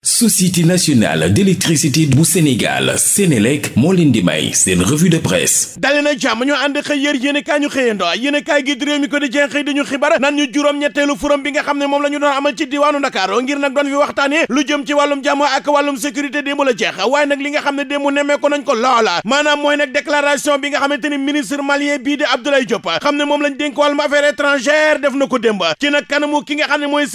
société nationale d'électricité bu Sénégal Sénélec moo leen di may seen revue de presse dali jàmm ñoo ànd xëy yér yéen i kaay ñu xëyando yéen i kaay gi mi ko di jenxëy di ñu xibaar nan ñu juróom-ñetteelu forum bi nga xam ne moom la ñu doon amal ci diwaanu Ndakaaru ngir nag doon fi waxtaane lu jëm ci wàllum jàmm ak wàllum sécurité démb la jeex waaye nag li nga xam ne démb nemmeeku nañ ko loola maanaam mooy nag déclaration bi nga xamante xam ne moom lañ dénk wàllum affaires étrangères def na ko démb ci nag ki nga xam ne mooy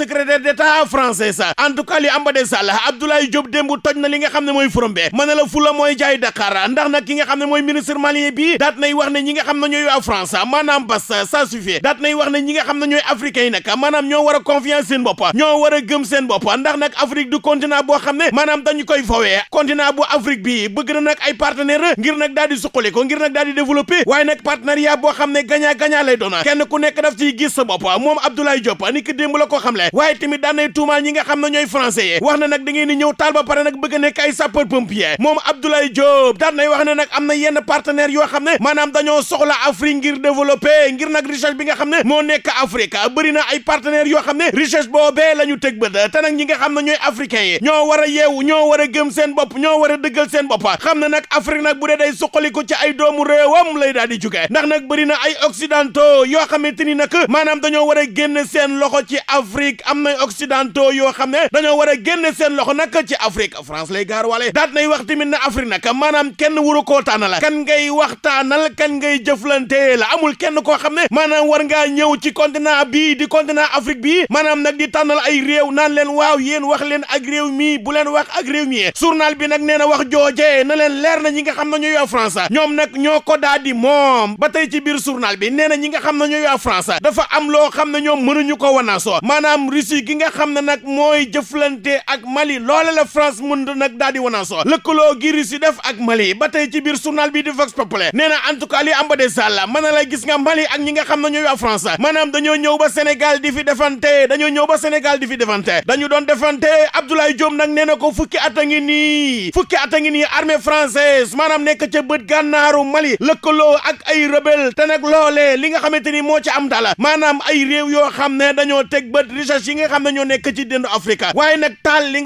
Abdoulaye Diop démb toj na li nga xam ne mooy forum bi mën na la fula mooy jaay Dakar ndax nag ki nga xam ne mooy ministre malien bi daat nay wax ne ñi nga xam ne ñooy waa France maanaam bas ça suffit daat nay wax ne ñi nga xam ne ñooy africains yi nag maanaam ñoo war a confiance seen bopp ñoo war a gëm bopp ndax nag Afrique du continent boo xam ne maanaam dañu koy fawee continent bu Afrique bi bëgg na nag ay partenaire ngir nag daal di suqali ko ngir nag daal di développé waaye nag partenariat boo xam ne gagnant gagnant lay doona kenn ku nekk daf ciy gis sa bopp moom Abdoulaye Diop la ko xamle waaye tamit daan nay tuumaal ñi nga xam ne ñooy français wax na nag nag da ngeen di ñëw taal ba pare nag bëgg a nekk ay sapeur pompier moom Abdoulaye Diop daan wax ne nag am na yenn partenaire yoo xam ne maanaam dañoo soxla Afrique ngir développer ngir nag richesse bi nga xam ne moo nekk Afrique bëri na ay partenaires yoo xam ne richesse boobee la ñu teg bët te nag ñi nga xam ne ñooy africains yi ñoo war a yeewu ñoo war gëm seen bopp ñoo war a dëggal seen bopp xam ne nag Afrique nag bu dee day ko ci ay doomu réewam lay daal di jugee ndax nag bëri na ay occidentaux yoo xamante ni nag maanaam dañoo war a génn seen loxo ci Afrique am na occidentaux yoo xam ne dañoo war a génn seen loxo nag ci Afrique France lay gaar wale daat nay wax tamit na Afrique nag maanaam kenn wuru koo tànnal kan ngay waxtaanal kan ngay jëflante la amul kenn koo xam ne maanaam war ngaa ñëw ci continent bii di continent Afrique bii maanaam nag di tànnal ay réew naan leen waaw yéen wax leen ak réew mii bu leen wax ak réew mi journal bi nag nee na wax jooje na leen leer na ñi nga xam ne ñooy waa France ñoom nag ñoo ko daa di moom ba tey ci biir journal bi nee na ñi nga xam ne ñooy waa dafa am loo xam ne ñoom mënuñu ko wanaasoo maanaam Russie gi nga xam ne nag mooy jëflante ak Mali loola la France mën nag daal di wanaasoo lëkkaloo gi Russie def ak Mali ba tey ci biir journal bi di Vox Populi nee na en tout cas li am ba des àll mën na la gis nga Mali ak ñi nga xam ne ñooy waa France dañoo ñëw ba Sénégal di fi defante dañoo ñëw ba Sénégal defante dañu doon defante Abdoulaye Diome nag nee na ko fukki at a ngi nii fukki at a ngi nii armée française maanaam nekk bët gànnaaru Mali lëkkaloo ak ay rebelle te nag loolee li nga xamante ni moo ci am dala maanaam ay réew yoo xam ne dañoo teg bët richesse yi nga xam ne nekk ci dëndu Afrique waaye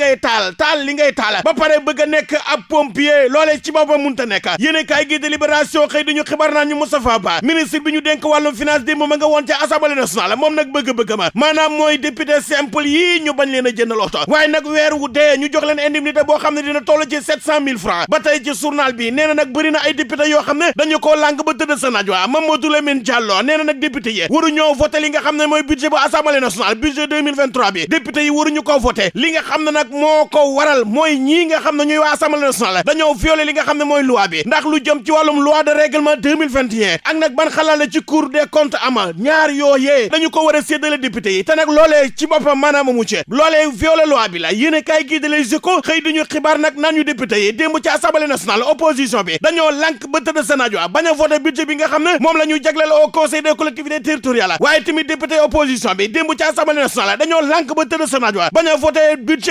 ngay taal taal li ngay taal ba pare bëgg a nekk ab pompier loolee ci boppam mënta nekk yéen kaay gi de Libération dañu xibaar naan ñu Moustapha Ba ministre bi ñu dénk wàllum finance démb ma nga woon ca assemblée nationale moom nag bëgg-bëgg ma maanaam mooy député simple yii ñu bañ leen a jëndal oto waaye nag weer wu dee ñu jox leen indemnité boo xam ne dina toll ci sept cent mille francs ba tey ci journal bi nee na nag bëri nee na nag député yi waru moo ko waral mooy ñii nga xam ne ñuy waa assemblée nationale dañoo violé li nga xam ne mooy loi bi ndax lu jëm ci wàllum loi de règlement 2021 ak nag ban xalaat la ci cour des comptes ama ñaar yooyee dañu ko war a séddale député yi te nag loolee ci boppam maanaam amu ci loolee violé loi bi la yéen a kaay gii de Les Échos xëy duñu xibaar nag naan ñu député yi démb ci assemblée nationale opposition bi dañoo lànk ba tëdd Sénat wa bañ bi nga xam ne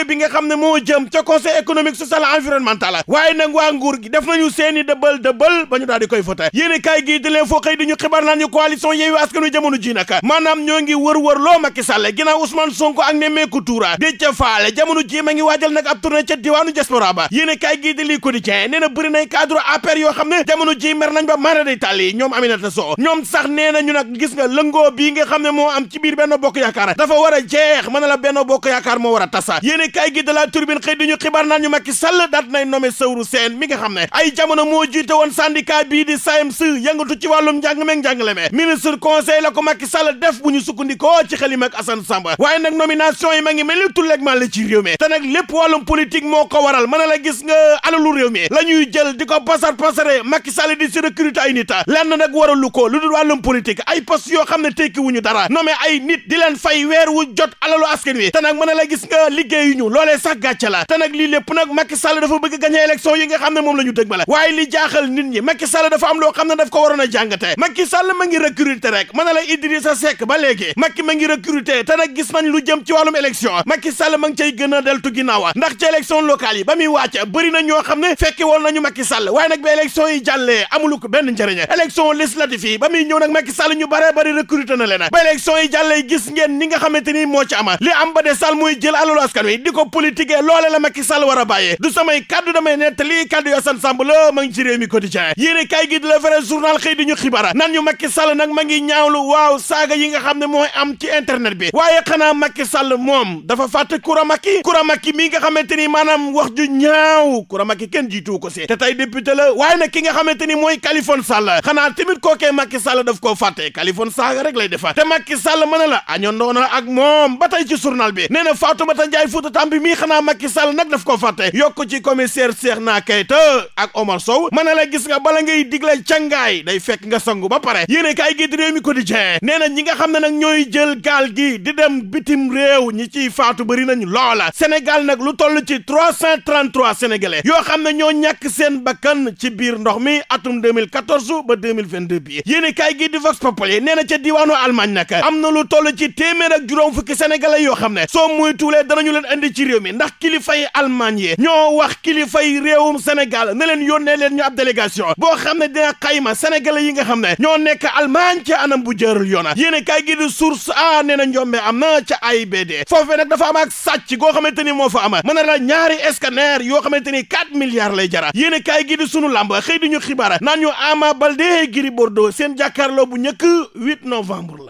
bi a xam ne moo jëm ca conseil économique social et environnemental waaye nag waa nguur gi def nañu seeni dëbbal dëbbal ba ñu daal di koy voté yéene kaay gii di leen xëy di ñu xibaar naan ñu coalition Yewwi Askan Wi jamono ji nag maanaam ñoo ngi wër-wër loo Macky Sall ginnaaw Ousmane Sonko ak Nemmeeku Toura di ca faale jamono ji ma ngi waajal nag ab tournée ca diwaanu diaspora ba yéene kaay gii di lii quotidien nee na bëri nay cadre APR yoo xam ne jamono jii mer nañ ba mara day tàlli ñoom Aminata Sow ñoom sax nee na ñu nag gis nga lëngoo bii nga xam ne moo am ci biir Benno Bokk Yaakaar dafa war a jeex mën la Benno Bokk Yaakaar moo war a tasa yéene kaay gi de la turbine xëy di ñu xibaar naan ñu Macky Sall daat nay nommé Sewru nga xam ne ay jamono moo jiite woon syndicat bii di SAEMS yëngatu ci wàllum njàng meeg njàngale me ministre conseil la ko Macky def bu ñu sukkandikoo ci xelim ak Assane Samba waaye nag nomination yi ma ngi mel ni tulleegment la ci réew mi te nag lépp wàllum politique moo ko waral mën na gis nga alalu réew mi la ñuy jël di ko pasar pasare Macky di si recruter ay nit loolee sax gàcce la lii lépp nag Macky Sall dafa bëgg gagné élection yi nga xam ne moom la ñu dëg ma la waaye li jaaxal nit ñi Macky Sall dafa am loo xam ne daf ko waroon a jàngate Macky Sall ma ngi recruter rek mën na la Idrissa Seck ba léegi Macky ma ngi recruter te nag gis nañ lu jëm ci wàllum élection Macky Sall ma ngi cay gën a deltu wa ndax ci élection locale yi ba muy wàcc bëri na ñoo xam ne fekke woon nañu Macky Sall waaye nag ba élection yi jàllee amulu ko benn njëriñ élection législative yi ba muy ñëw nag Macky Sall ñu bare bari recruter na leen ba élection yi jàllee ngeen ni xamante ni moo ci ama li am ba de Sall muy jël askan wi di ko politique loole la Macky Sall war a bàyyee du samay kaddu damay nettali kaddu yoo san Samb la ma ngi ci réew mi quotidien yéen i kayi gi di la vrai journal xëy di ñu xibara nan ñu Macky Sall nag ma ngi ñaawlu waaw saaga yi nga xam ne mooy am ci internet bi waaye xanaa Macky Sall moom dafa fàtte Koura Macky Koura Macky mi nga xamante ni maanaam wax ju ñaaw Koura Macky kenn jiitu ko se te tey député la waaye nag ki nga xamante ni mooy Kalifone Sall xanaa tamit kookee Macky Sall daf koo fàtte Kalifone saaga rek lay defa te Macky Sall mën na la ak moom ba tey ci bi nee na Fatoumata mii xanaa Macky Sall na daf ko fàtte yokk ci commissaire Cheikhna Keita ak Omar Sow mën na la gis nga bala ngay digle cangaay day fekk nga sangu ba pare yéen kaay gi di réew mi quotidien nee na ñi nga xam ne nag ñooy jël gaal gi di dem bitim réew ñi ciy faatu bëri nañu loola Sénégal nag lu toll ci trois cent trente trois sénégalais yoo xam ne ñoo ñàkk seen bakkan ci biir ndox mi a 2014 ba 2022 bi yéen kaay gi di Vox Populi nee na ca diwaanu Allemagne nag am na lu yoo xam ne soo muy tuulee danañu leen réew ndax kilifa yi Allemagne yi ñoo wax kilifa yi réewum Sénégal ne leen yónnee leen ñu ab boo xam ne dina xayma sénégalais yi nga xam ne ñoo nekk Allemagne ci anam bu jërul yoona yéen kay gi di source a nee na njombe am na ca AIBD foofee nag dafa am sàcc goo xamante ni moo fa ama mën na la ñaari scanner yoo xamante ni 4 milliards lay jara yéen kay gi di sunu làmb xëy di ñu xibaar naan ñu Ama Baldé Gris Bordeaux seen jàkkaarloo bu njëkk 8 novembre